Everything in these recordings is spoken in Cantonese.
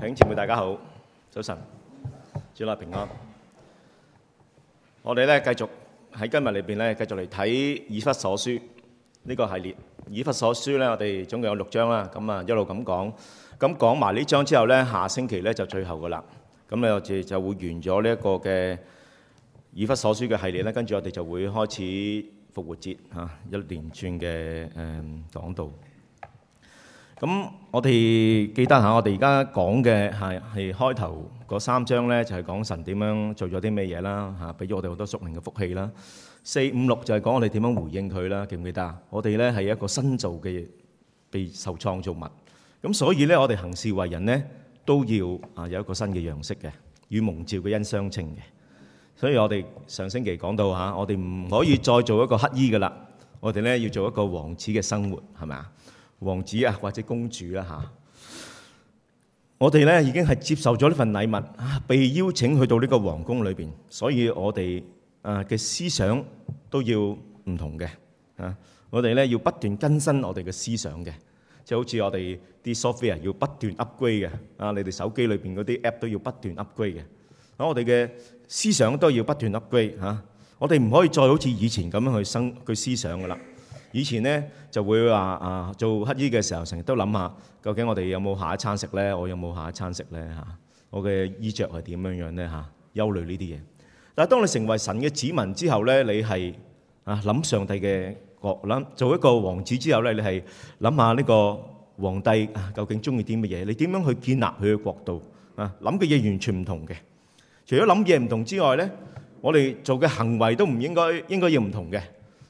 請前輩大家好，早晨，主內平安。我哋咧繼續喺今日裏邊咧繼續嚟睇《以弗所書》呢個系列，《以弗所書》咧我哋總共有六章啦，咁啊一路咁講，咁講埋呢章之後咧，下星期咧就最後噶啦，咁咧就就會完咗呢一個嘅《以弗所書》嘅系列啦，跟住我哋就會開始復活節嚇一連串嘅誒講道。咁我哋記得嚇，我哋而家講嘅係係開頭嗰三章咧，就係講神點樣做咗啲咩嘢啦，嚇俾咗我哋好多屬靈嘅福氣啦。四五六就係講我哋點樣回應佢啦，記唔記得啊？我哋咧係一個新造嘅被受創造物，咁所以咧我哋行事為人咧都要啊有一個新嘅樣式嘅，與蒙召嘅恩相稱嘅。所以我哋上星期講到嚇，我哋唔可以再做一個乞兒噶啦，我哋咧要做一個王子嘅生活，係咪啊？王子啊，或者公主啦嚇，我哋咧已經係接受咗呢份禮物，啊，被邀請去到呢個皇宮裏邊，所以我哋誒嘅思想都要唔同嘅嚇。我哋咧要不斷更新我哋嘅思想嘅，就好似我哋啲 software 要不斷 upgrade 嘅，啊，你哋手機裏邊嗰啲 app 都要不斷 upgrade 嘅，啊，我哋嘅思想都要不斷 upgrade 嚇。我哋唔可以再好似以前咁樣去生去思想噶啦。以前咧就會話啊，做乞衣嘅時候，成日都諗下究竟我哋有冇下一餐食咧？我有冇下一餐食咧？嚇，我嘅衣著係點樣樣咧？嚇，憂慮呢啲嘢。但係當你成為神嘅子民之後咧，你係啊諗上帝嘅國，諗做一個王子之後咧，你係諗下呢個皇帝究竟鍾意啲乜嘢？你點樣去建立佢嘅國度啊？諗嘅嘢完全唔同嘅。除咗諗嘢唔同之外咧，我哋做嘅行為都唔應該應該要唔同嘅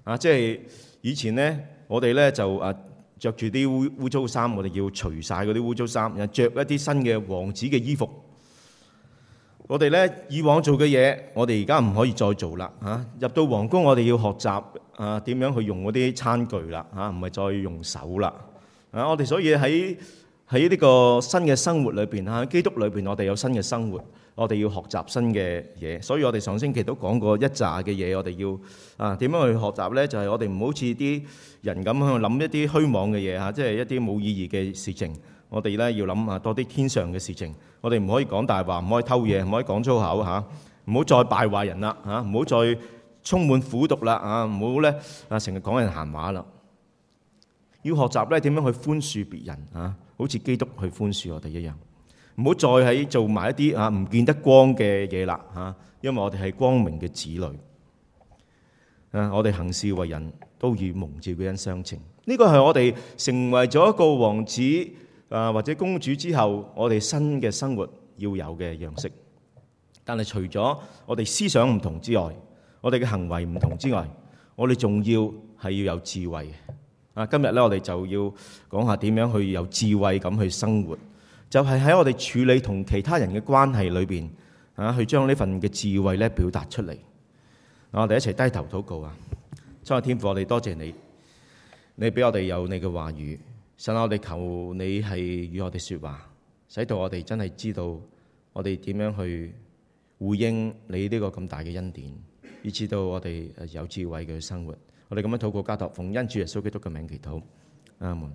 啊！即係。以前咧，我哋咧就啊，著住啲污污糟衫，我哋要除晒嗰啲污糟衫，然後著一啲新嘅王子嘅衣服。我哋咧以往做嘅嘢，我哋而家唔可以再做啦吓、啊、入到皇宮，我哋要學習啊，點樣去用嗰啲餐具啦吓，唔係再用手啦。啊，我哋所以喺喺呢個新嘅生活裏邊嚇，基督裏邊，我哋有新嘅生活。我哋要學習新嘅嘢，所以我哋上星期都講過一紮嘅嘢。我哋要啊點樣去學習呢？就係、是、我哋唔好似啲人咁去諗一啲虛妄嘅嘢嚇，即係一啲冇意義嘅事情。我哋呢要諗下多啲天上嘅事情。我哋唔可以講大話，唔可以偷嘢，唔可以講粗口嚇，唔好再敗壞人啦嚇，唔好再充滿苦毒啦啊，唔好呢啊成日講人閒話啦。要學習呢點樣去寬恕別人啊，好似基督去寬恕我哋一樣。唔好再喺做埋一啲啊唔見得光嘅嘢啦，吓！因為我哋係光明嘅子女，誒，我哋行事為人，都與蒙召嘅恩相稱。呢個係我哋成為咗一個王子啊或者公主之後，我哋新嘅生活要有嘅樣式。但係除咗我哋思想唔同之外，我哋嘅行為唔同之外，我哋仲要係要有智慧啊，今日呢，我哋就要講下點樣去有智慧咁去生活，就係喺我哋處理同其他人嘅關係裏邊，啊，去將呢份嘅智慧咧表達出嚟。啊，我哋一齊低頭禱告啊！真係天父，我哋多謝你，你俾我哋有你嘅話語。神啊，我哋求你係與我哋説話，使到我哋真係知道我哋點樣去回應你呢個咁大嘅恩典，以至到我哋有智慧嘅生活。我哋咁樣禱告交託奉恩主耶穌基督嘅名祈禱，阿門。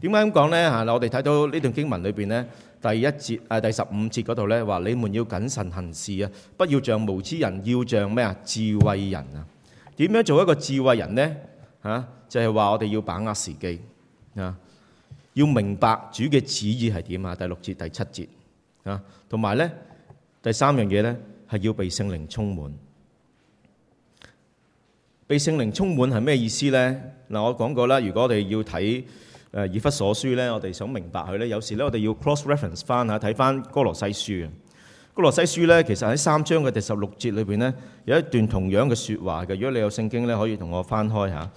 點解咁講呢？吓，我哋睇到呢段經文裏邊呢，第一節啊，第十五節嗰度呢，話你們要謹慎行事啊，不要像無知人，要像咩啊？智慧人啊？點樣做一個智慧人呢？吓，就係話我哋要把握時機啊，要明白主嘅旨意係點啊？第六節、第七節啊，同埋呢第三樣嘢呢，係要被聖靈充滿。被聖靈充滿係咩意思呢？嗱，我講過啦，如果我哋要睇。誒，以弗所書咧，我哋想明白佢咧，有時咧，我哋要 cross reference 翻嚇，睇翻哥羅西書啊。哥羅西書咧，其實喺三章嘅第十六節裏面咧，有一段同樣嘅說話嘅。如果你有聖經咧，可以同我翻開嚇。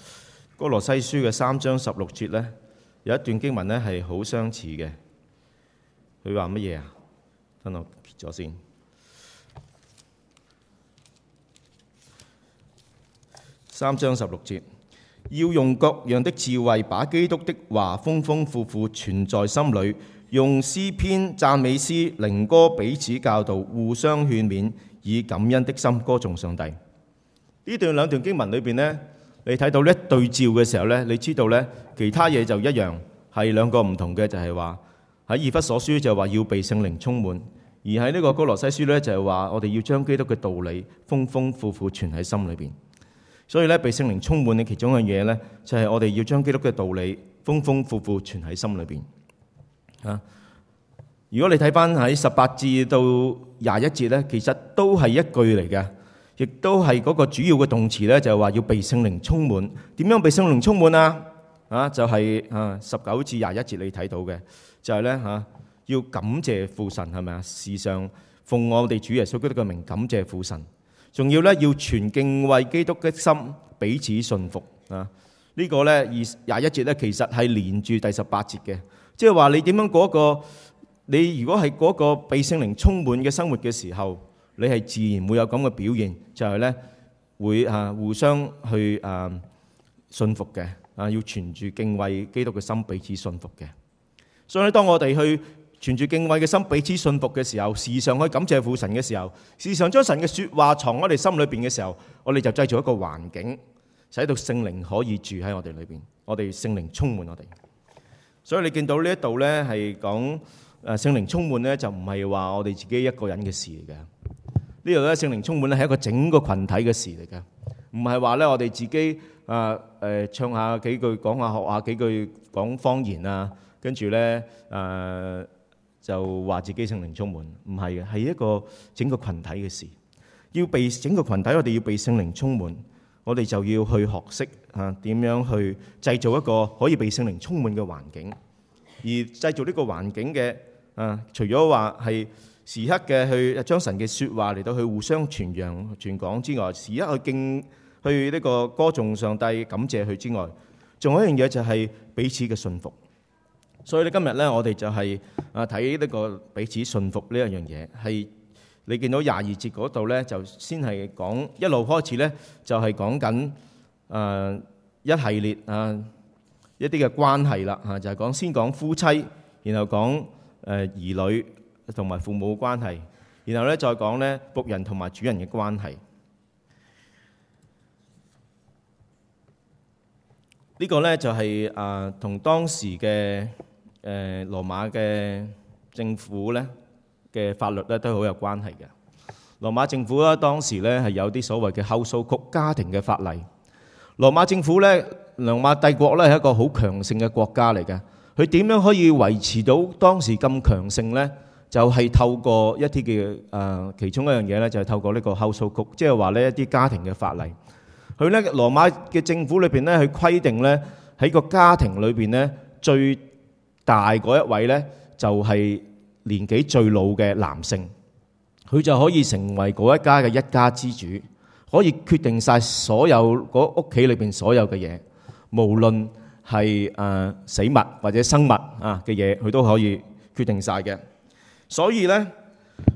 哥羅西書嘅三章十六節咧，有一段經文咧係好相似嘅。佢話乜嘢啊？等我揭咗先。三章十六節。要用各樣的智慧把基督的話豐豐富富存在心裏。用詩篇、讚美詩、靈歌彼此教導、互相勸勉，以感恩的心歌頌上帝。呢段兩段經文裏邊呢，你睇到呢對照嘅時候呢，你知道呢其他嘢就一樣，係兩個唔同嘅，就係話喺以弗所書就話要被聖靈充滿，而喺呢個哥羅西書呢，就係話我哋要將基督嘅道理豐豐富富存喺心裏邊。所以咧，被聖靈充滿嘅其中一樣嘢咧，就係我哋要將基督嘅道理豐豐富富存喺心裏邊。啊，如果你睇翻喺十八至到廿一節咧，其實都係一句嚟嘅，亦都係嗰個主要嘅動詞咧，就係話要被聖靈充滿。點樣被聖靈充滿啊？啊，就係啊十九至廿一節你睇到嘅，就係咧嚇要感謝父神係咪啊？事上，奉我哋主耶穌基督嘅名感謝父神。仲要咧要存敬畏基督嘅心，彼此順服啊！呢、這個咧二廿一節咧，其實係連住第十八節嘅，即係話你點樣嗰個，你如果係嗰個被聖靈充滿嘅生活嘅時候，你係自然會有咁嘅表現，就係、是、咧會啊互相去啊順服嘅啊，要存住敬畏基督嘅心，彼此順服嘅。所以咧，當我哋去。存住敬畏嘅心，彼此信服嘅時候，時常可以感謝父神嘅時候，時常將神嘅說話藏喺你心裏邊嘅時候，我哋就製造一個環境，使到聖靈可以住喺我哋裏邊，我哋聖靈充滿我哋。所以你見到呢一度咧，係講誒聖靈充滿咧，就唔係話我哋自己一個人嘅事嚟嘅。呢度咧聖靈充滿咧係一個整個群體嘅事嚟嘅，唔係話咧我哋自己誒誒唱下幾句，講下學下幾句講方言啊，跟住咧誒。就話自己聖靈充滿，唔係嘅，係一個整個羣體嘅事。要被整個羣體，我哋要被聖靈充滿，我哋就要去學識啊點樣去製造一個可以被聖靈充滿嘅環境。而製造呢個環境嘅啊，除咗話係時刻嘅去將神嘅説話嚟到去互相傳揚、傳講之外，時刻去敬去呢個歌頌上帝、感謝佢之外，仲有一樣嘢就係彼此嘅信服。所以咧，今日咧，我哋就係啊睇呢個彼此順服呢一樣嘢。係你見到廿二節嗰度咧，就先係講一路開始咧，就係講緊啊一系列啊、呃、一啲嘅關係啦嚇，就係、是、講先講夫妻，然後講誒、呃、兒女同埋父母嘅關係，然後咧再講咧僕人同埋主人嘅關係。這個、呢個咧就係啊同當時嘅。誒、呃、羅馬嘅政府呢嘅法律呢都好有關係嘅。羅馬政府呢當時呢係有啲所謂嘅後數曲家庭嘅法例。羅馬政府呢，羅馬帝國呢係一個好強盛嘅國家嚟嘅。佢點樣可以維持到當時咁強盛呢？就係、是、透過一啲嘅誒，其中一樣嘢呢，就係、是、透過呢個後數曲，即係話呢一啲家庭嘅法例。佢呢，羅馬嘅政府裏邊呢，佢規定呢喺個家庭裏邊呢。最大嗰一位呢，就係年紀最老嘅男性，佢就可以成為嗰一家嘅一家之主，可以決定晒所有嗰屋企裏邊所有嘅嘢，無論係誒死物或者生物啊嘅嘢，佢都可以決定晒嘅。所以呢，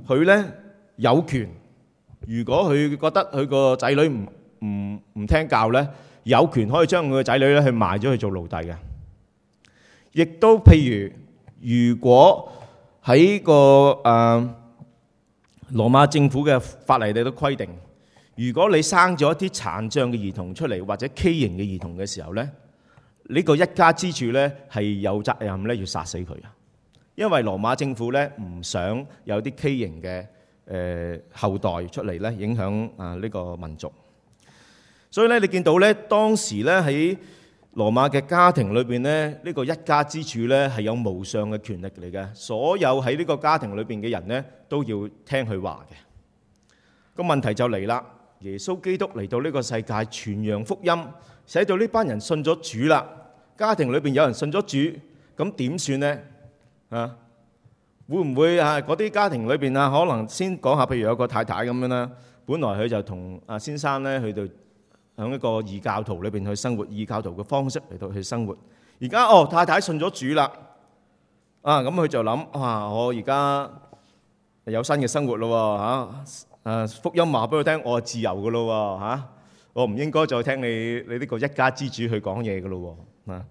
佢呢有權，如果佢覺得佢個仔女唔唔唔聽教呢，有權可以將佢個仔女呢去賣咗去做奴隸嘅。亦都譬如，如果喺、個誒、啊、羅馬政府嘅法例你都規定，如果你生咗一啲殘障嘅兒童出嚟，或者畸形嘅兒童嘅時候咧，呢、個一家之主呢係有責任咧要殺死佢啊，因為羅馬政府呢唔想有啲畸形嘅誒後代出嚟呢影響啊呢個民族，所以呢，你見到呢當時呢喺，羅馬嘅家庭裏邊呢，呢個一家之主呢，係有無上嘅權力嚟嘅，所有喺呢個家庭裏邊嘅人呢，都要聽佢話嘅。個問題就嚟啦，耶穌基督嚟到呢個世界傳揚福音，寫到呢班人信咗主啦。家庭裏邊有人信咗主，咁點算呢？啊，會唔會啊？嗰啲家庭裏邊啊，可能先講下，譬如有個太太咁樣啦，本來佢就同啊先生呢去到。喺一個異教徒裏邊去生活，異教徒嘅方式嚟到去生活。而家哦，太太信咗主啦，啊，咁佢就諗啊，我而家有新嘅生活咯，吓，誒，福音話俾佢聽，我係自由嘅咯，吓、啊，我唔應該再聽你你呢個一家之主去講嘢嘅咯，啊，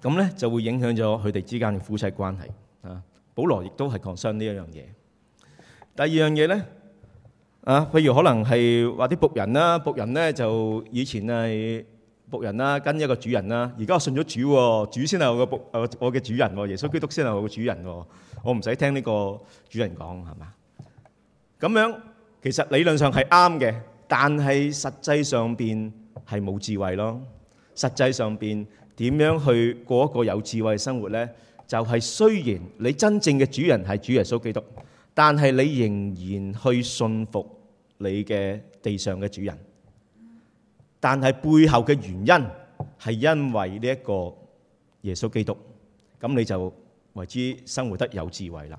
咁、啊、咧就會影響咗佢哋之間嘅夫妻關係啊。保羅亦都係 concern 呢一樣嘢。第二樣嘢咧。啊，譬如可能係話啲僕人啦，僕人咧，就以前係僕人啦，跟一個主人啦，而家我信咗主，哦，主先係我嘅僕，我我嘅主人，哦，耶穌基督先係我嘅主人，哦，我唔使聽呢個主人講，係嘛？咁樣其實理論上係啱嘅，但係實際上邊係冇智慧咯。實際上邊點樣去過一個有智慧嘅生活咧？就係、是，雖然你真正嘅主人係主耶穌基督，但係你仍然去信服你嘅地上嘅主人，但係背後嘅原因係因為呢一個耶穌基督，咁你就為之生活得有智慧啦。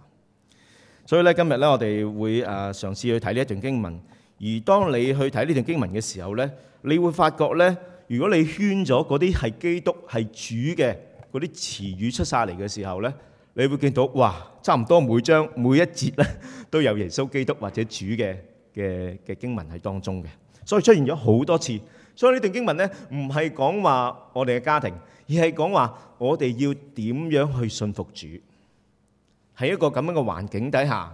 所以咧，今日咧我哋會誒嘗試去睇呢一段經文，而當你去睇呢段經文嘅時候咧，你會發覺咧，如果你圈咗嗰啲係基督係主嘅嗰啲詞語出晒嚟嘅時候咧，你會見到哇，差唔多每章每一節咧都有耶穌基督或者主嘅。嘅嘅經文喺當中嘅，所以出現咗好多次。所以呢段經文呢，唔係講話我哋嘅家庭，而係講話我哋要點樣去信服主。喺一個咁樣嘅環境底下，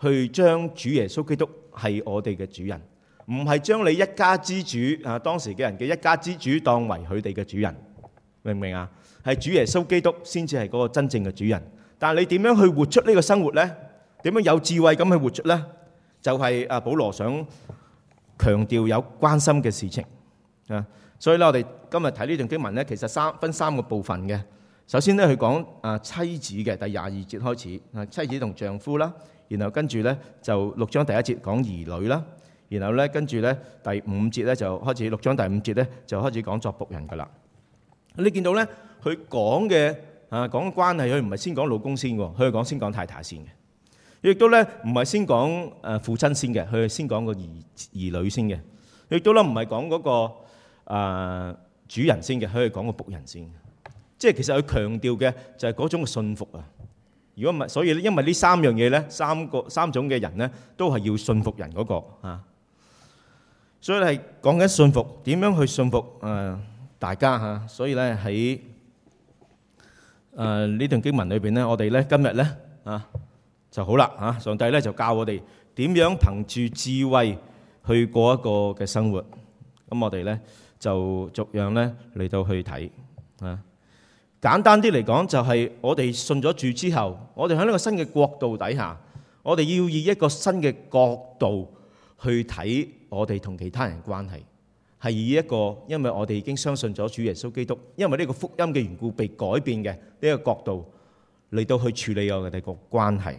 去將主耶穌基督係我哋嘅主人，唔係將你一家之主啊，當時嘅人嘅一家之主當為佢哋嘅主人，明唔明啊？係主耶穌基督先至係嗰個真正嘅主人。但係你點樣去活出呢個生活呢？點樣有智慧咁去活出呢？就係阿保羅想強調有關心嘅事情啊，所以咧我哋今日睇呢段經文咧，其實三分三個部分嘅。首先咧佢講啊，妻子嘅第廿二節開始啊妻子同丈夫啦，然後跟住咧就六章第一節講兒女啦，然後咧跟住咧第五節咧就開始六章第五節咧就開始講作僕人噶啦。你見到咧佢講嘅啊講關係佢唔係先講老公先喎，佢講先講太太先嘅。亦都咧唔係先講誒父親先嘅，佢係先講個兒兒女先嘅。亦都咧唔係講嗰個誒主人先嘅，佢係講個僕人先。即係其實佢強調嘅就係嗰種嘅信服啊。如果唔係，所以咧因為呢三樣嘢咧，三個三種嘅人咧，都係要信服人嗰個啊。所以係講緊信服，點樣去信服誒大家吓？所以咧喺誒呢段經文裏邊咧，我哋咧今日咧啊。就好啦嚇！上帝呢就教我哋點樣憑住智慧去過一個嘅生活。咁我哋呢，就逐樣呢嚟到去睇嚇。簡單啲嚟講，就係我哋信咗主之後，我哋喺呢個新嘅國度底下，我哋要以一個新嘅角度去睇我哋同其他人嘅關係，係以一個因為我哋已經相信咗主耶穌基督，因為呢個福音嘅緣故被改變嘅呢個角度嚟到去處理我哋個關係。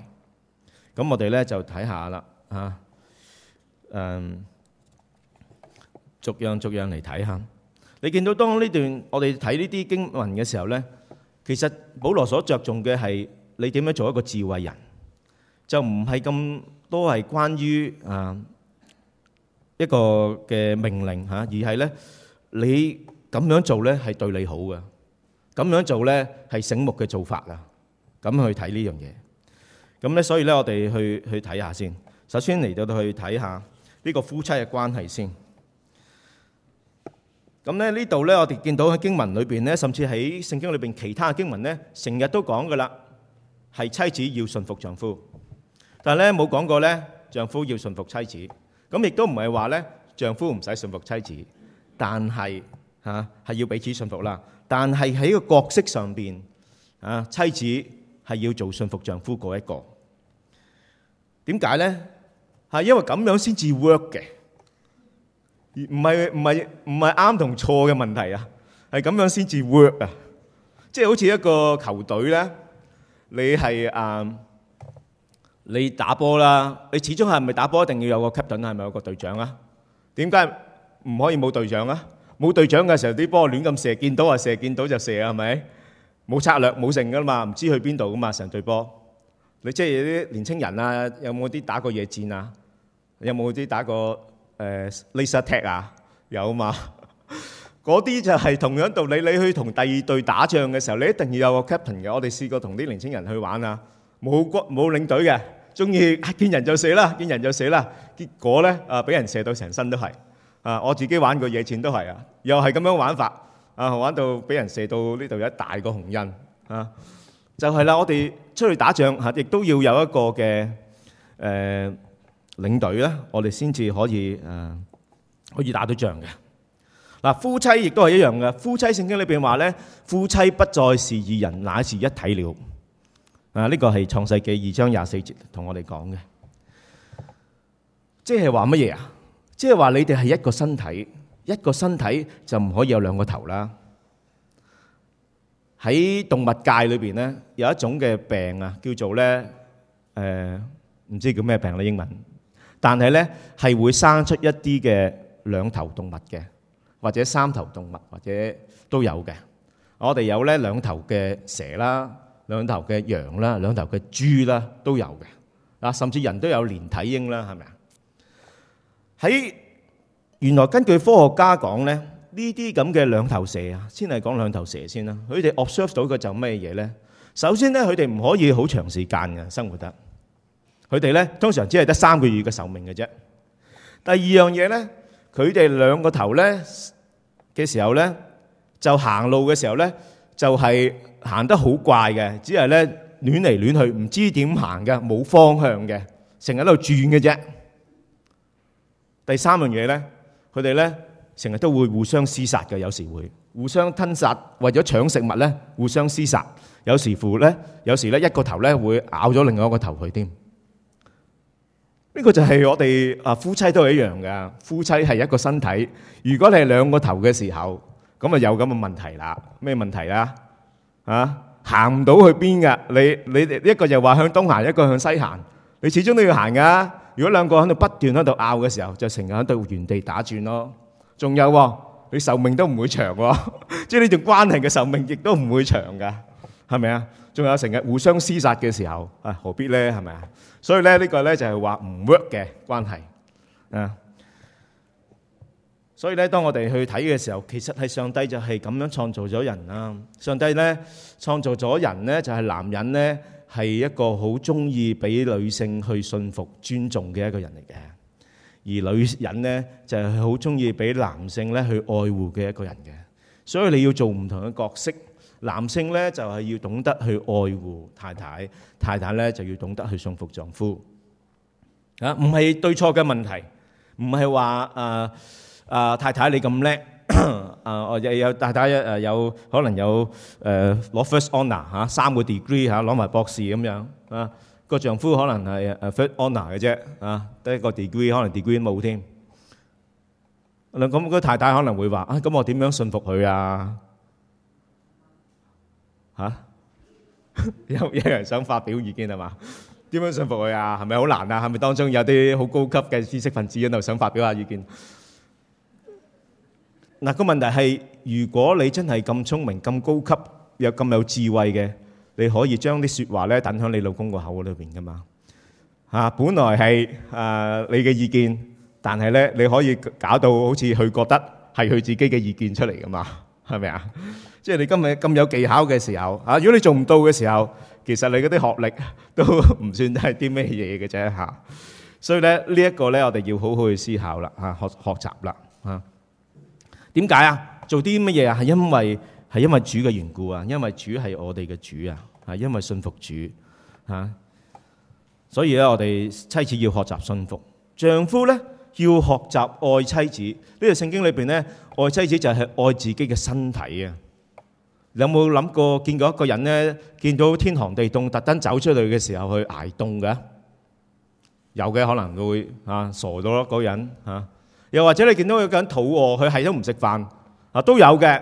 咁我哋咧就睇下啦，啊，誒，逐樣逐樣嚟睇下。你見到當呢段我哋睇呢啲經文嘅時候咧，其實保羅所著重嘅係你點樣做一個智慧人，就唔係咁多係關於啊一個嘅命令嚇，而係咧你咁樣做咧係對你好嘅，咁樣做咧係醒目嘅做法啊，咁去睇呢樣嘢。咁咧，所以咧，我哋去去睇下先。首先嚟到去睇下呢個夫妻嘅關係先。咁咧呢度咧，我哋見到喺經文裏邊咧，甚至喺聖經裏邊其他嘅經文咧，成日都講噶啦，係妻子要順服丈夫。但係咧冇講過咧，丈夫要順服妻子。咁亦都唔係話咧，丈夫唔使順服妻子。但係吓係要彼此順服啦。但係喺個角色上邊啊，妻子係要做順服丈夫嗰一個。點解咧？係因為咁樣先至 work 嘅，而唔係唔係唔係啱同錯嘅問題啊！係咁樣先至 work 啊！即係好似一個球隊咧，你係誒，你打波啦，你始終係咪打波一定要有個 captain，係咪有個隊長啊？點解唔可以冇隊長啊？冇隊長嘅時候啲波亂咁射，見到啊射見到就射啊，係咪？冇策略冇剩噶啦嘛，唔知去邊度噶嘛，成隊波。你即係啲年青人啊？有冇啲打過野戰啊？有冇啲打過誒、呃、laser tag 啊？有啊嘛？嗰 啲就係同樣道理。你去同第二隊打仗嘅時候，你一定要有個 captain 嘅。我哋試過同啲年青人去玩啊，冇骨冇領隊嘅，中意見人就射啦，見人就射啦。結果咧啊，俾人射到成身都係啊！我自己玩過野戰都係啊，又係咁樣玩法啊，玩到俾人射到呢度有一大個紅印啊！就係、是、啦，我哋。出去打仗嚇，亦都要有一個嘅誒、呃、領隊咧，我哋先至可以誒、呃、可以打到仗嘅。嗱，夫妻亦都係一樣嘅。夫妻聖經裏邊話咧，夫妻不再是二人，乃是一體了。啊，呢、這個係創世記二章廿四節同我哋講嘅，即係話乜嘢啊？即係話你哋係一個身體，一個身體就唔可以有兩個頭啦。喺動物界裏邊咧，有一種嘅病啊，叫做咧，誒，唔知叫咩病咧，英文，但係咧係會生出一啲嘅兩頭動物嘅，或者三頭動物，或者都有嘅。我哋有咧兩頭嘅蛇啦，兩頭嘅羊啦，兩頭嘅豬啦都有嘅。啊，甚至人都有連體嬰啦，係咪啊？喺原來根據科學家講咧。呢啲咁嘅兩頭蛇啊，先係講兩頭蛇先啦。佢哋 observe 到嘅就咩嘢咧？首先咧，佢哋唔可以好長時間嘅生活得。佢哋咧通常只係得三個月嘅壽命嘅啫。第二樣嘢咧，佢哋兩個頭咧嘅時候咧，就行路嘅時候咧，就係行得好怪嘅，只係咧亂嚟亂去，唔知點行嘅，冇方向嘅，成日喺度轉嘅啫。第三樣嘢咧，佢哋咧。成日都會互相廝殺嘅，有時會互相吞殺，為咗搶食物咧，互相廝殺。有時乎咧，有時咧一個頭咧會咬咗另外一個頭去添。呢個就係我哋啊，夫妻都係一樣嘅。夫妻係一個身體，如果你係兩個頭嘅時候，咁啊有咁嘅問題啦。咩問題呀？啊，行唔到去邊噶？你你一個又話向東行，一個向西行，你始終都要行噶。如果兩個喺度不斷喺度拗嘅時候，就成日喺度原地打轉咯。仲有喎，佢壽命都唔會長喎，即係呢種關係嘅壽命亦都唔會長噶，係咪啊？仲有成日互相廝殺嘅時候啊，何必咧？係咪啊？所以咧，呢個咧就係話唔 work 嘅關係啊。所以咧，當我哋去睇嘅時候，其實係上帝就係咁樣創造咗人啦。上帝咧創造咗人咧，就係男人咧係一個好鍾意俾女性去信服、尊重嘅一個人嚟嘅。而女人咧就係好中意俾男性咧去愛護嘅一個人嘅，所以你要做唔同嘅角色。男性咧就係要懂得去愛護太太，太太咧就要懂得去順服丈夫。啊，唔係對錯嘅問題，唔係話啊啊太太你咁叻啊，我又有太太誒有可能有誒攞 first honour 嚇三個 degree 嚇攞埋博士咁樣啊。個丈夫可能係 first honor 嘅啫，啊，得一個 degree 可能 degree 都冇添。咁個太太可能會話：啊，咁我點樣信服佢啊？嚇，有有人想發表意見係嘛？點樣信服佢啊？係咪好難啊？係咪當中有啲好高級嘅知識分子喺度想發表下意見？嗱，個問題係：如果你真係咁聰明、咁高級又咁有智慧嘅。你可以將啲説話咧，等喺你老公個口裏邊噶嘛嚇。本來係誒你嘅意見，但係咧你可以搞到好似佢覺得係佢自己嘅意見出嚟噶嘛，係咪啊？即係你今日咁有技巧嘅時候，啊，如果你做唔到嘅時候，其實你嗰啲學歷都唔算係啲咩嘢嘅啫嚇。所以咧呢一個咧，我哋要好好去思考啦嚇，學學習啦嚇。點解啊？做啲乜嘢啊？係因為。係因為主嘅緣故啊，因為主係我哋嘅主啊，係因為信服主啊，所以咧我哋妻子要學習信服，丈夫咧要學習愛妻子。呢個聖經裏邊咧，愛妻子就係愛自己嘅身體啊。你有冇諗過見過一個人咧，見到天寒地凍，特登走出去嘅時候去挨凍嘅？有嘅，可能佢會啊傻咗咯，個人啊。又或者你見到有個人肚餓，佢係都唔食飯啊，都有嘅。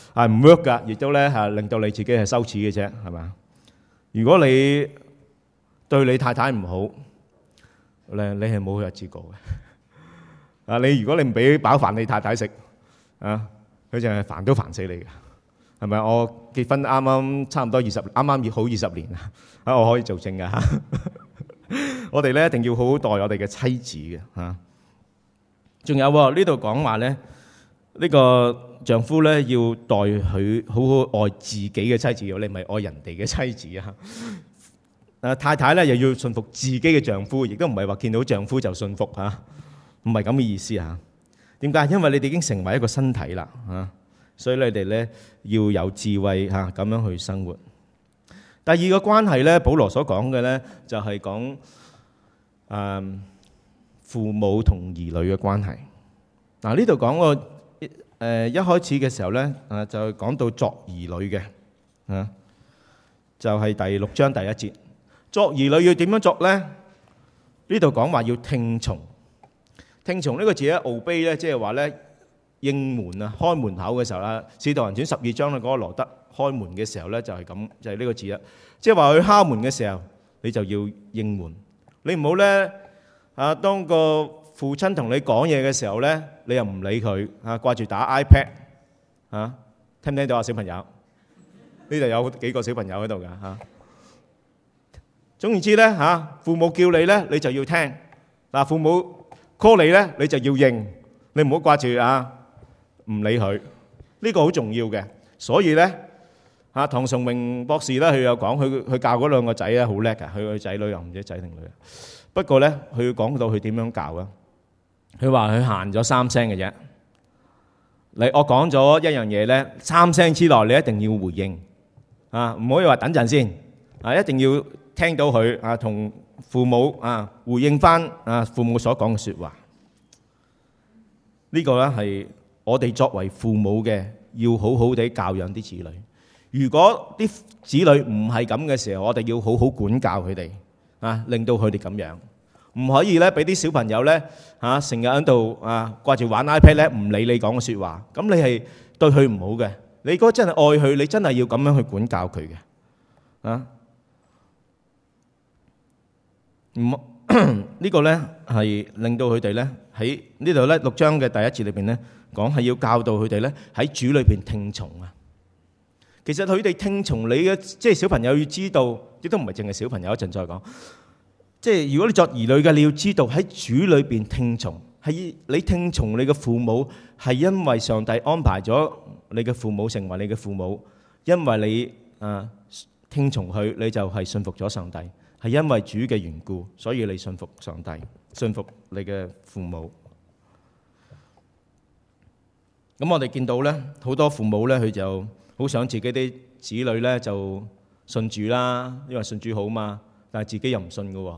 係唔 work 噶？亦都咧，係令到你自己係羞恥嘅啫，係嘛？如果你對你太太唔好咧，你係冇日子過嘅。啊，你如果你唔俾飽飯你太太食啊，佢淨係煩都煩死你嘅，係咪？我結婚啱啱差唔多二十，啱啱結好二十年啦，啊，我可以做證嘅嚇。我哋咧一定要好好待我哋嘅妻子嘅嚇。仲有呢度講話咧，呢個。丈夫咧要待佢好好愛自己嘅妻子，你唔係愛人哋嘅妻子啊！誒，太太咧又要順服自己嘅丈夫，亦都唔係話見到丈夫就順服啊，唔係咁嘅意思啊。點解？因為你哋已經成為一個身體啦啊，所以你哋咧要有智慧吓，咁樣去生活。第二個關係咧，保羅所講嘅咧就係講誒父母同兒女嘅關係。嗱呢度講個。誒一開始嘅時候咧，啊就講到作兒女嘅，啊就係第六章第一節，作兒女要點樣作咧？呢度講話要聽從，聽從呢個字咧，obey 咧，即係話咧應門啊，開門口嘅時候啦，《使徒行傳》十二章咧，嗰個羅德開門嘅時候咧就係咁，就係呢個字啦，即係話佢敲門嘅時候，你就要應門，你唔好咧啊當個。父親同你講嘢嘅時候咧，你又唔理佢嚇，掛住打 iPad 嚇，聽唔聽到啊？小朋友，呢度有幾個小朋友喺度噶嚇。總言之咧嚇，父母叫你咧，你就要聽；嗱，父母 call 你咧，你就要應。你唔好掛住啊，唔理佢。呢個好重要嘅。所以咧嚇，唐崇明博士咧，佢有講，佢佢教嗰兩個仔咧好叻㗎，佢個仔女又唔知仔定女。不過咧，佢講到佢點樣教啊？佢話：佢行咗三聲嘅啫。你我講咗一樣嘢呢，三聲之內你一定要回應啊，唔可以話等陣先啊！一定要聽到佢啊，同父母啊回應翻啊父母所講嘅説話。呢個呢係我哋作為父母嘅，要好好地教養啲子女。如果啲子女唔係咁嘅時候，我哋要好好管教佢哋啊，令到佢哋咁樣。唔可以咧，俾啲小朋友咧嚇，成日喺度啊，掛住玩 iPad 咧，唔理你講嘅説話，咁你係對佢唔好嘅。你如果真係愛佢，你真係要咁樣去管教佢嘅啊！唔，呢個咧係令到佢哋咧喺呢度咧六章嘅第一節裏邊咧講，係要教導佢哋咧喺主裏邊聽從啊。其實佢哋聽從你嘅，即係小朋友要知道，亦都唔係淨係小朋友，一陣再講。即係如果你作兒女嘅，你要知道喺主裏邊聽從，係你聽從你嘅父母，係因為上帝安排咗你嘅父母成為你嘅父母，因為你啊聽從佢，你就係信服咗上帝，係因為主嘅緣故，所以你信服上帝，信服你嘅父母。咁我哋見到呢，好多父母呢，佢就好想自己啲子女呢就信主啦，因為信主好嘛，但係自己又唔信嘅喎。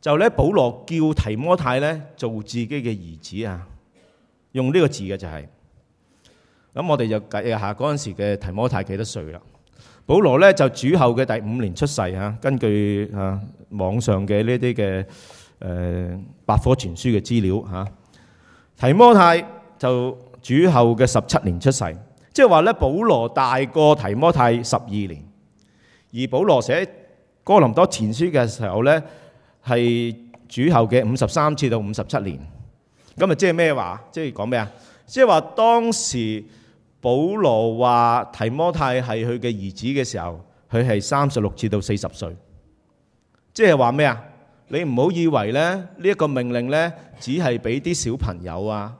就咧，保羅叫提摩太咧做自己嘅兒子啊，用呢個字嘅就係、是。咁我哋就計下嗰陣時嘅提摩太幾多歲啦？保羅咧就主後嘅第五年出世吓、啊，根據啊網上嘅呢啲嘅誒百科全書嘅資料吓、啊，提摩太就主後嘅十七年出世，即係話咧保羅大過提摩太十二年，而保羅寫哥林多前書嘅時候咧。係主後嘅五十三次到五十七年，咁啊，即係咩話？即係講咩啊？即係話當時保羅話提摩太係佢嘅兒子嘅時候，佢係三十六次到四十歲。即係話咩啊？你唔好以為咧呢一個命令呢，只係俾啲小朋友啊！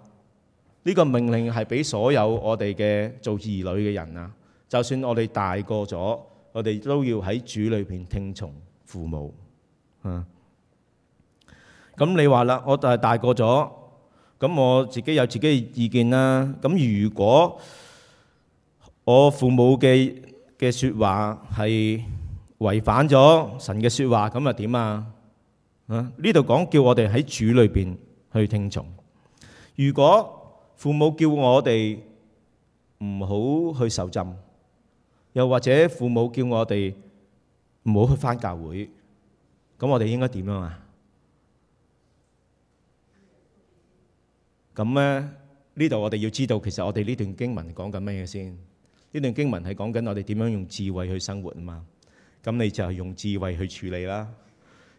呢、呢個命令係俾所有我哋嘅做兒女嘅人啊！就算我哋大個咗，我哋都要喺主裏邊聽從父母，嗯。咁你話啦，我就係大個咗，咁我，我自己有自己嘅意見啦、啊。咁如果我父母嘅嘅說話係違反咗神嘅說話，咁又點啊？呢度講叫我哋喺主裏邊去聽從。如果父母叫我哋唔好去受浸，又或者父母叫我哋唔好去返教會，咁我哋應該點樣啊？嘛？咁咧呢度我哋要知道，其實我哋呢段經文講緊咩嘢先？呢段經文係講緊我哋點樣用智慧去生活啊嘛。咁你就係用智慧去處理啦，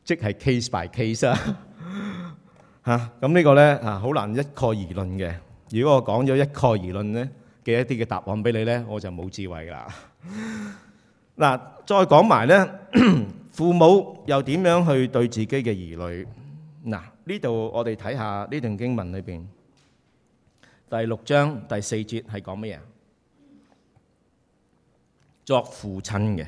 即係 case by case 啊。嚇，咁呢個咧啊，好難一概而論嘅。如果我講咗一概而論咧嘅一啲嘅答案俾你咧，我就冇智慧啦。嗱，再講埋咧，父母又點樣去對自己嘅兒女？嗱，呢度我哋睇下呢段經文裏邊。第六章第四節係講乜嘢？「作父親嘅，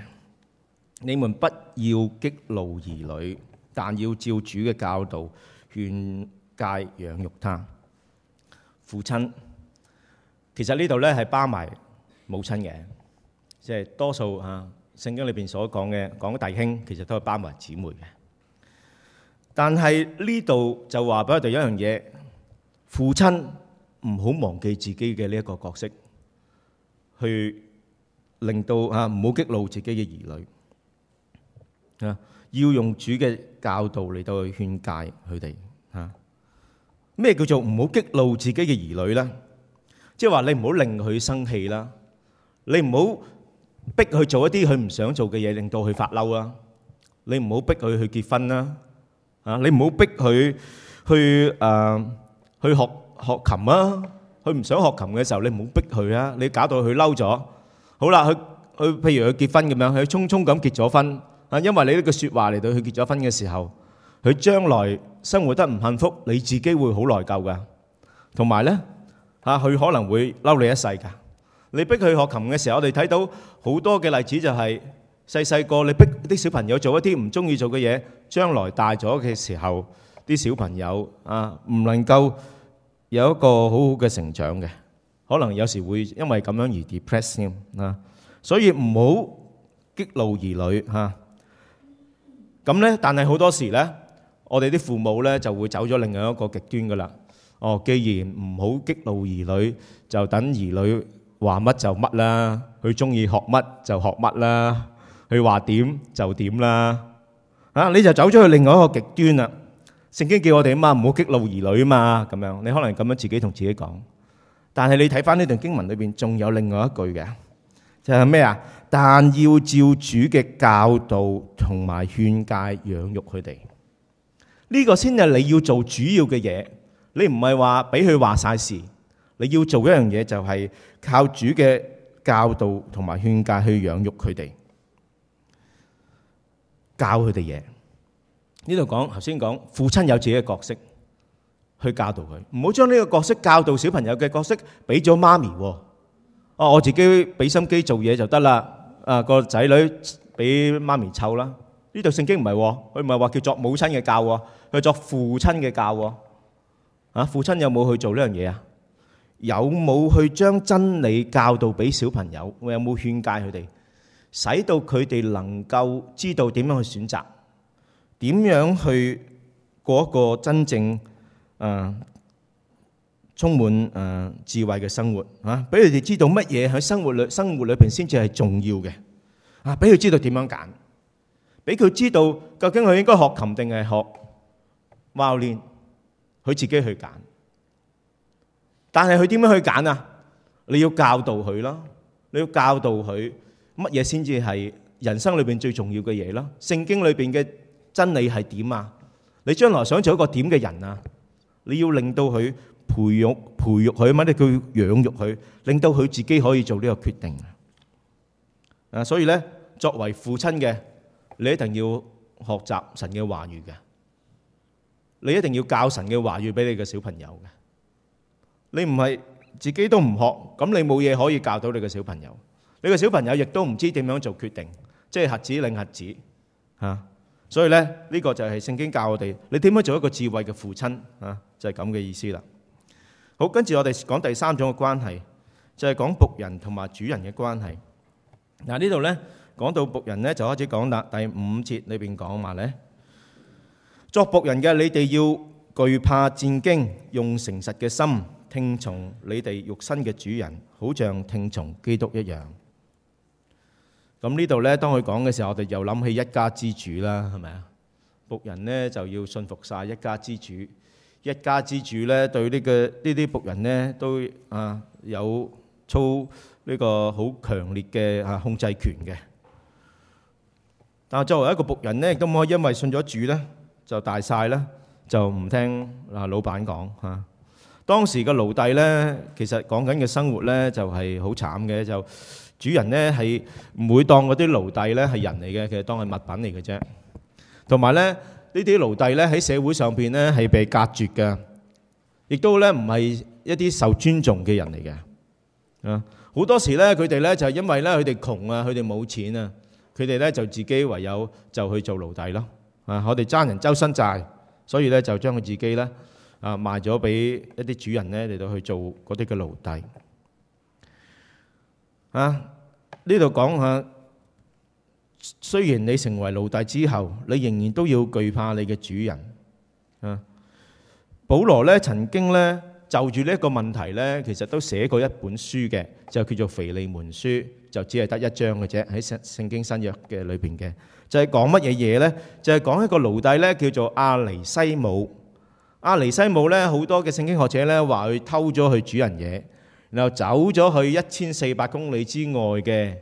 你們不要激怒兒女，但要照主嘅教導勸戒養育他。父親，其實呢度咧係包埋母親嘅，即係多數啊聖經裏邊所講嘅講嘅弟兄，其實都係包埋姊妹嘅。但係呢度就話俾我哋一樣嘢，父親。唔好忘記自己嘅呢一個角色，去令到啊唔好激怒自己嘅兒女啊，要用主嘅教導嚟到去勸戒佢哋嚇。咩叫做唔好激怒自己嘅兒女咧？即係話你唔好令佢生氣啦，你唔好逼佢做一啲佢唔想做嘅嘢，令到佢發嬲啊。你唔好逼佢去結婚啦，啊你唔好逼佢去誒去學。學琴啊！佢唔想學琴嘅時候，你唔好逼佢啊！你搞到佢嬲咗，好啦，佢佢譬如佢結婚咁樣，佢匆匆咁結咗婚啊。因為你呢個説話嚟到佢結咗婚嘅時候，佢將來生活得唔幸福，你自己會好內疚噶。同埋呢吓，佢可能會嬲你一世噶。你逼佢學琴嘅時候，我哋睇到好多嘅例子，就係細細個你逼啲小朋友做一啲唔中意做嘅嘢，將來大咗嘅時候，啲小朋友啊唔能夠。有一個好好嘅成長嘅，可能有時會因為咁樣而 depress 添啊，所以唔好激怒兒女吓。咁咧，但係好多時咧，我哋啲父母咧就會走咗另外一個極端噶啦。哦，既然唔好激怒兒女，就等兒女話乜就乜啦，佢中意學乜就學乜啦，佢話點就點啦。啊，你就走咗去另外一個極端啦。聖經叫我哋啊嘛，唔好激怒兒女啊嘛，咁樣你可能咁樣自己同自己講。但係你睇返呢段經文裏邊，仲有另外一句嘅，就係咩啊？但要照主嘅教導同埋勸戒養育佢哋，呢個先係你要做主要嘅嘢。你唔係話俾佢話晒事，你要做一樣嘢就係靠主嘅教導同埋勸戒去養育佢哋，教佢哋嘢。呢度講，頭先講父親有自己嘅角色去教導佢，唔好將呢個角色教導小朋友嘅角色俾咗媽咪。啊，我自己俾心機做嘢就得啦。啊，個仔女俾媽咪湊啦。呢度聖經唔係，佢唔係話叫作母親嘅教，佢作父親嘅教。啊，父親有冇去做呢樣嘢啊？有冇去將真理教導俾小朋友？我有冇勸誡佢哋，使到佢哋能夠知道點樣去選擇？點樣去過一個真正誒充滿誒智慧嘅生活啊？俾佢哋知道乜嘢喺生活裏生活裏邊先至係重要嘅啊！俾佢知道點樣揀，俾佢知道究竟佢應該學琴定係學 violin，佢自己去揀。但係佢點樣去揀啊？你要教導佢囉，你要教導佢乜嘢先至係人生裏邊最重要嘅嘢囉，聖經裏邊嘅。真理係點啊？你將來想做一個點嘅人啊？你要令到佢培育，培育佢啊，或者佢養育佢，令到佢自己可以做呢個決定啊。所以呢，作為父親嘅，你一定要學習神嘅話語嘅。你一定要教神嘅話語俾你嘅小朋友嘅。你唔係自己都唔學，咁你冇嘢可以教到你嘅小朋友。你嘅小朋友亦都唔知點樣做決定，即係核子領核子吓。啊。所以咧，呢、呢個就係聖經教我哋，你點樣做一個智慧嘅父親啊？就係咁嘅意思啦。好，跟住我哋講第三種嘅關係，就係、是、講僕人同埋主人嘅關係。嗱、啊，這裏呢度咧講到僕人咧，就開始講啦。第五節裏邊講話咧，作僕人嘅你哋要懼怕戰兢，用誠實嘅心聽從你哋肉身嘅主人，好像聽從基督一樣。咁呢度咧，當佢講嘅時候，我哋又諗起一家之主啦，係咪啊？僕人咧就要信服曬一家之主，一家之主咧對呢個呢啲僕人咧都啊有操呢個好強烈嘅啊控制權嘅。但係作為一個僕人咧，咁我因為信咗主咧，就大曬咧，就唔聽啊老闆講嚇。當時嘅奴隸咧，其實講緊嘅生活咧就係好慘嘅就。主人呢，係唔會當嗰啲奴隸呢係人嚟嘅，其實當係物品嚟嘅啫。同埋呢，呢啲奴隸呢喺社會上邊呢，係被隔絕嘅，亦都呢，唔係一啲受尊重嘅人嚟嘅。啊，好多時呢，佢哋呢，就係因為呢，佢哋窮啊，佢哋冇錢啊，佢哋呢，就自己唯有就去做奴隸咯。啊，我哋爭人周身債，所以呢，就將佢自己呢，啊賣咗俾一啲主人呢，嚟到去做嗰啲嘅奴隸。啊！呢度講下，雖然你成為奴隸之後，你仍然都要懼怕你嘅主人、啊。保羅呢曾經呢，就住呢個問題呢，其實都寫過一本書嘅，就叫做《腓利門書》，就只係得一章嘅啫，喺聖聖經新約嘅裏邊嘅，就係、是、講乜嘢嘢呢？就係、是、講一個奴隸呢，叫做阿尼西姆。阿尼西姆呢，好多嘅聖經學者呢，話佢偷咗佢主人嘢。然後走咗去一千四百公里之外嘅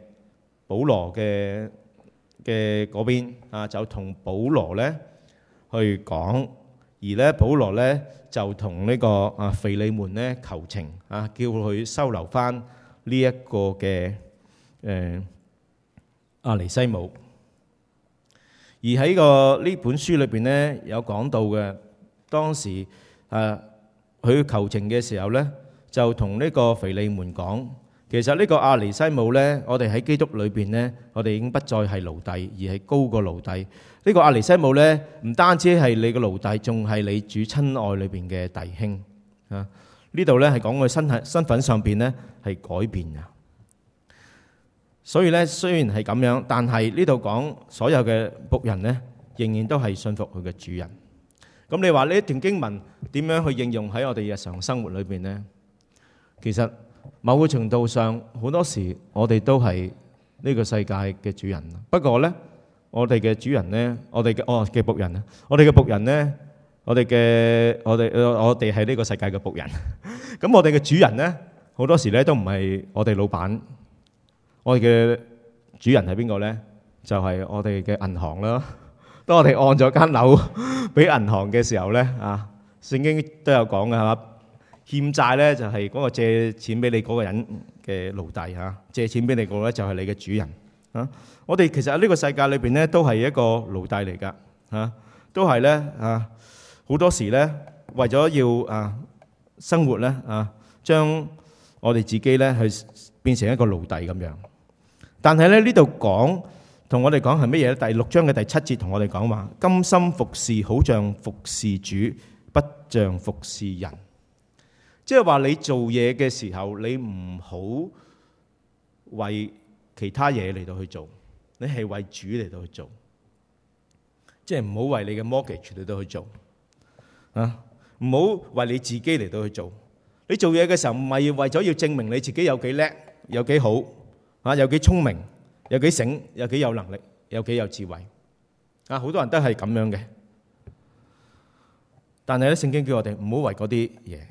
保羅嘅嘅嗰邊啊，就同保羅咧去講，而咧保羅咧就同呢個啊腓利門咧求情啊，叫佢收留返呢一個嘅誒阿尼西姆。而喺個呢本書裏邊咧有講到嘅，當時啊佢求情嘅時候咧。就同呢個腓利門講，其實呢個阿尼西姆咧，我哋喺基督裏邊咧，我哋已經不再係奴隸，而係高過奴隸。呢個阿尼西姆咧，唔單止係你嘅奴隸，仲係你主親愛裏邊嘅弟兄。啊，呢度咧係講佢身係身份上邊咧係改變嘅。所以咧，雖然係咁樣，但係呢度講所有嘅僕人咧，仍然都係信服佢嘅主人。咁你話呢一段經文點樣去應用喺我哋日常生活裏邊咧？其實某個程度上，好多時我哋都係呢個世界嘅主人。不過咧，我哋嘅主人咧，我哋嘅哦嘅僕人啦，我哋嘅僕人咧，我哋嘅我哋我哋係呢個世界嘅僕人。咁 我哋嘅主人咧，好多時咧都唔係我哋老闆。我哋嘅主人係邊個咧？就係、是、我哋嘅銀行啦。 當我哋按咗間樓俾銀行嘅時候咧，啊，聖經都有講嘅係嘛。欠債咧就係嗰個借錢俾你嗰個人嘅奴隸，吓，借錢俾你個咧就係你嘅主人啊！我哋其實喺呢個世界裏邊咧，都係一個奴隸嚟噶，吓，都係咧啊！好多時咧為咗要啊生活咧啊，將我哋自己咧去變成一個奴隸咁樣。但係咧，呢度講同我哋講係乜嘢咧？第六章嘅第七節同我哋講話：甘心服侍，好像服侍主，不像服侍人。即係話你做嘢嘅時候，你唔好為其他嘢嚟到去做，你係為主嚟到去做。即係唔好為你嘅 mortgage 嚟到去做，啊，唔好為你自己嚟到去做。你做嘢嘅時候唔係要為咗要證明你自己有幾叻，有幾好，啊，有幾聰明，有幾醒，有幾有能力，有幾有智慧，啊，好多人都係咁樣嘅。但係咧，聖經叫我哋唔好為嗰啲嘢。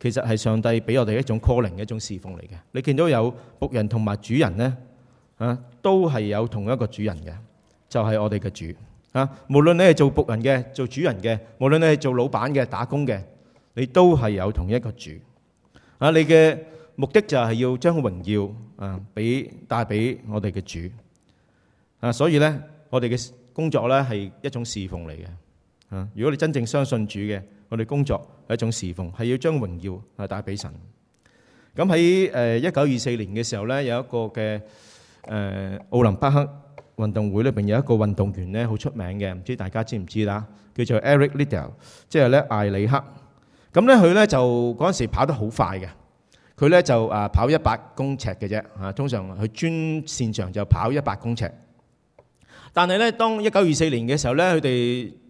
其實係上帝俾我哋一種 calling 嘅一種侍奉嚟嘅。你見到有僕人同埋主人呢，啊，都係有同一個主人嘅，就係我哋嘅主。啊，無論你係做僕人嘅、做主人嘅，無論你係做老闆嘅、打工嘅，你都係有同一個主。啊，你嘅目的就係要將榮耀啊，俾帶俾我哋嘅主。啊，所以呢，我哋嘅工作呢，係一種侍奉嚟嘅。啊，如果你真正相信主嘅。我哋工作係一種侍奉，係要將榮耀係帶俾神。咁喺誒一九二四年嘅時候咧，有一個嘅誒奧林匹克運動會裏邊有一個運動員咧，好出名嘅，唔知大家知唔知啦？叫做 Eric Liddell，即係咧艾里克。咁咧佢咧就嗰陣時跑得好快嘅，佢咧就誒跑一百公尺嘅啫。嚇，通常佢專擅長就跑一百公尺。但係咧，當一九二四年嘅時候咧，佢哋。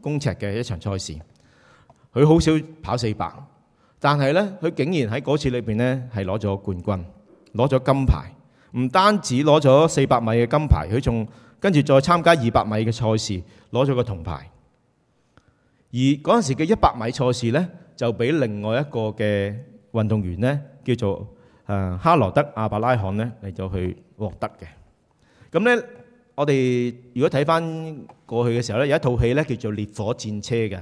公尺嘅一場賽事，佢好少跑四百，但係呢，佢竟然喺嗰次裏邊呢係攞咗冠軍，攞咗金牌，唔單止攞咗四百米嘅金牌，佢仲跟住再參加二百米嘅賽事，攞咗個銅牌。而嗰陣時嘅一百米賽事呢，就俾另外一個嘅運動員呢，叫做誒哈羅德亞伯拉罕呢嚟咗去獲得嘅。咁呢。我哋如果睇翻過去嘅時候咧，有一套戲咧叫做《烈火戰車》嘅。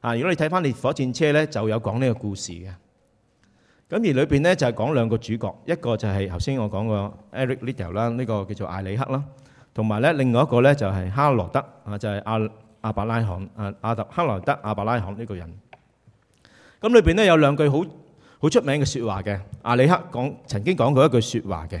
啊，如果你睇翻《烈火戰車》咧，就有講呢個故事嘅。咁而裏邊咧就係講兩個主角，一個就係頭先我講過 Eric Little 啦，呢個叫做艾里克啦，同埋咧另外一個咧就係哈羅德啊，就係、是、阿阿伯拉罕啊，阿特·哈羅德阿伯拉罕呢個人。咁裏邊咧有兩句好好出名嘅説話嘅，艾里克講曾經講過一句説話嘅。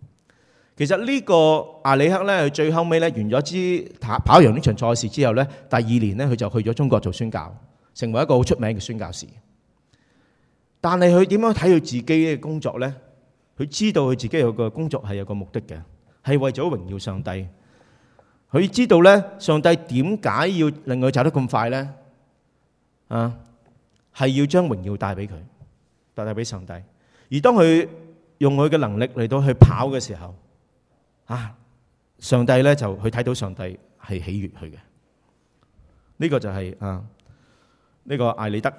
其實呢個阿里克咧，佢最後尾咧，完咗支跑，跑完呢場賽事之後咧，第二年咧佢就去咗中國做宣教，成為一個好出名嘅宣教士。但係佢點樣睇佢自己嘅工作咧？佢知道佢自己有個工作係有個目的嘅，係為咗榮耀上帝。佢知道咧，上帝點解要令佢走得咁快咧？啊，係要將榮耀帶俾佢，帶，帶俾上帝。而當佢用佢嘅能力嚟到去跑嘅時候，啊！上帝咧就佢睇到上帝係喜悦佢嘅，呢個就係啊呢個艾里德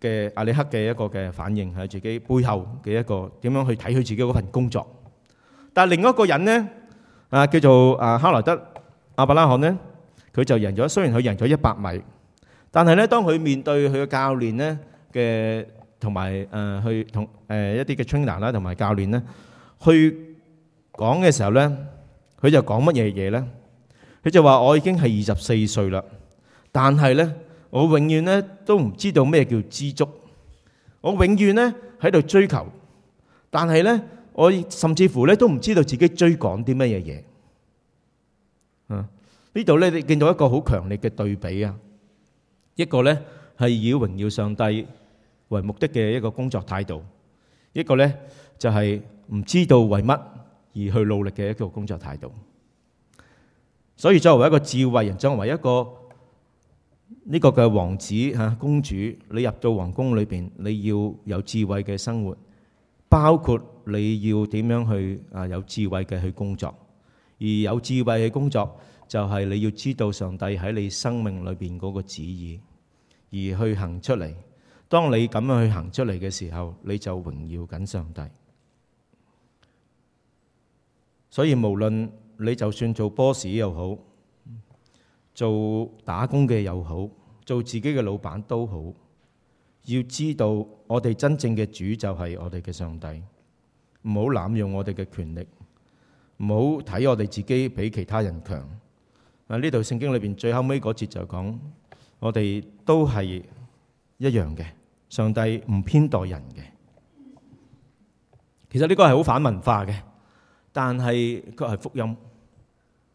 嘅阿里克嘅一個嘅反應係自己背後嘅一個點樣去睇佢自己嗰份工作。但係另外一個人咧啊，叫做啊哈萊德阿伯拉罕咧，佢就贏咗。雖然佢贏咗一百米，但係咧當佢面對佢嘅教練咧嘅同埋誒去同誒一啲嘅 trainer 啦同埋教練咧去。講嘅時候呢，佢就講乜嘢嘢呢？佢就話我已經係二十四歲啦，但係呢，我永遠呢都唔知道咩叫知足，我永遠呢喺度追求，但係呢，我甚至乎呢都唔知道自己追講啲乜嘢嘢。嗯，呢度呢你見到一個好強烈嘅對比啊！一個呢係以榮耀上帝為目的嘅一個工作態度，一個呢就係唔知道為乜。而去努力嘅一個工作態度，所以作為一個智慧人，作為一個呢個嘅王子公主，你入到皇宮裏面，你要有智慧嘅生活，包括你要點樣去有智慧嘅去工作，而有智慧嘅工作就係你要知道上帝喺你生命裏面嗰個旨意，而去行出嚟。當你咁樣去行出嚟嘅時候，你就榮耀緊上帝。所以，無論你就算做 boss 又好，做打工嘅又好，做自己嘅老闆都好，要知道我哋真正嘅主就係我哋嘅上帝，唔好濫用我哋嘅權力，唔好睇我哋自己比其他人強。啊！呢度聖經裏面最後尾嗰節就講，我哋都係一樣嘅，上帝唔偏待人嘅。其實呢個係好反文化嘅。但係佢係福音，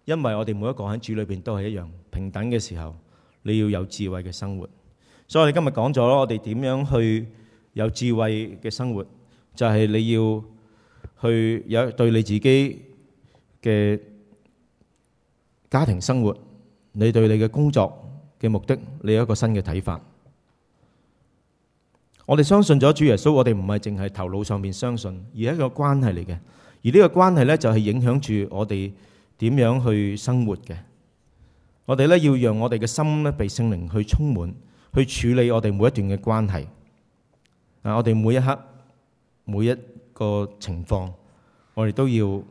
因為我哋每一個喺主裏邊都係一樣平等嘅時候，你要有智慧嘅生活。所以我哋今日講咗，我哋點樣去有智慧嘅生活，就係你要去有對你自己嘅家庭生活，你對你嘅工作嘅目的，你有一個新嘅睇法。我哋相信咗主耶穌，我哋唔係淨係頭腦上面相信，而係一個關係嚟嘅。而呢個關係呢，就係影響住我哋點樣去生活嘅。我哋呢，要讓我哋嘅心咧被聖靈去充滿，去處理我哋每一段嘅關係。啊，我哋每一刻、每一個情況，我哋都要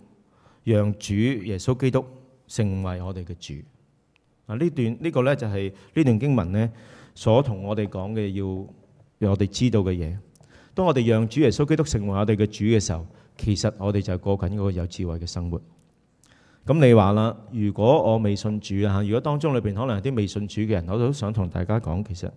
讓主耶穌基督成為我哋嘅主。啊，呢段呢個咧就係呢段經文呢，所同我哋講嘅要讓我哋知道嘅嘢。當我哋讓主耶穌基督成為我哋嘅主嘅時候。其實我哋就過緊一個有智慧嘅生活。咁你話啦，如果我未信主啊，如果當中裏邊可能有啲未信主嘅人，我都想同大家講，其實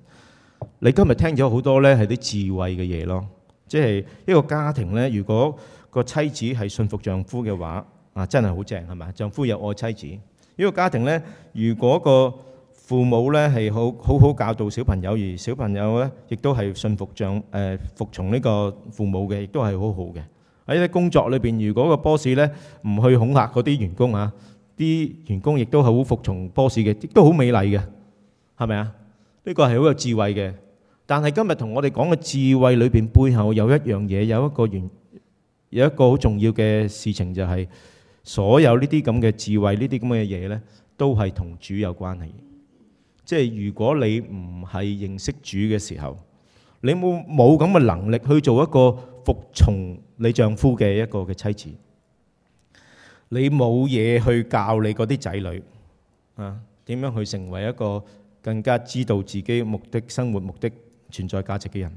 你今日聽咗好多呢，係啲智慧嘅嘢咯。即係一個家庭呢，如果個妻子係信服丈夫嘅話，啊真係好正係嘛？丈夫有愛妻子。一個家庭呢，如果個父母呢，係好好好教導小朋友，而小朋友呢，亦都係信服長誒服從呢個父母嘅，亦都係好好嘅。喺啲工作裏邊，如果個 boss 咧，唔去恐嚇嗰啲員工啊，啲員工亦都好服從 boss 嘅，亦都好美麗嘅，係咪啊？呢個係好有智慧嘅。但係今日同我哋講嘅智慧裏邊背後有一樣嘢，有一個原有一個好重要嘅事情，就係所有呢啲咁嘅智慧，呢啲咁嘅嘢咧，都係同主有關係。即係如果你唔係認識主嘅時候，你冇冇咁嘅能力去做一個服從。你丈夫嘅一個嘅妻子，你冇嘢去教你嗰啲仔女啊，點樣去成為一個更加知道自己目的、生活目的、存在價值嘅人？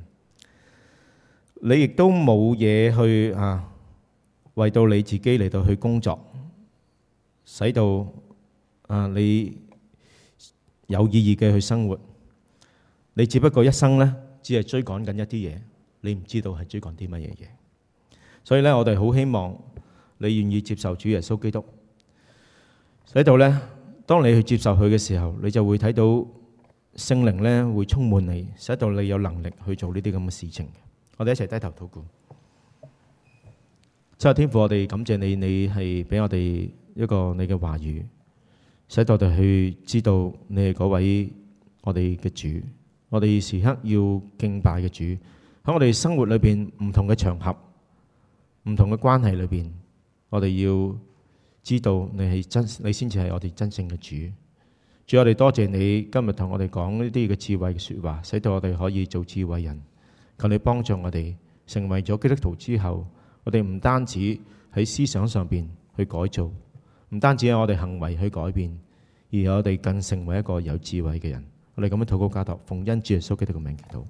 你亦都冇嘢去啊，為到你自己嚟到去工作，使到啊你有意義嘅去生活。你只不過一生呢，只係追趕緊一啲嘢，你唔知道係追趕啲乜嘢嘢。所以咧，我哋好希望你願意接受主耶穌基督。使到咧，當你去接受佢嘅時候，你就會睇到聖靈咧會充滿你，使到你有能力去做呢啲咁嘅事情。我哋一齊低頭禱告。真係天父，我哋感謝你，你係俾我哋一個你嘅話語，使到我哋去知道你係嗰位我哋嘅主，我哋時刻要敬拜嘅主。喺我哋生活裏面唔同嘅場合。唔同嘅關係裏邊，我哋要知道你係真，你先至係我哋真正嘅主。主，我哋多謝你今日同我哋講呢啲嘅智慧嘅說話，使到我哋可以做智慧人。求你幫助我哋，成為咗基督徒之後，我哋唔單止喺思想上邊去改造，唔單止喺我哋行為去改變，而我哋更成為一個有智慧嘅人。我哋咁樣禱告交託，奉恩主耶穌基督嘅名祈禱，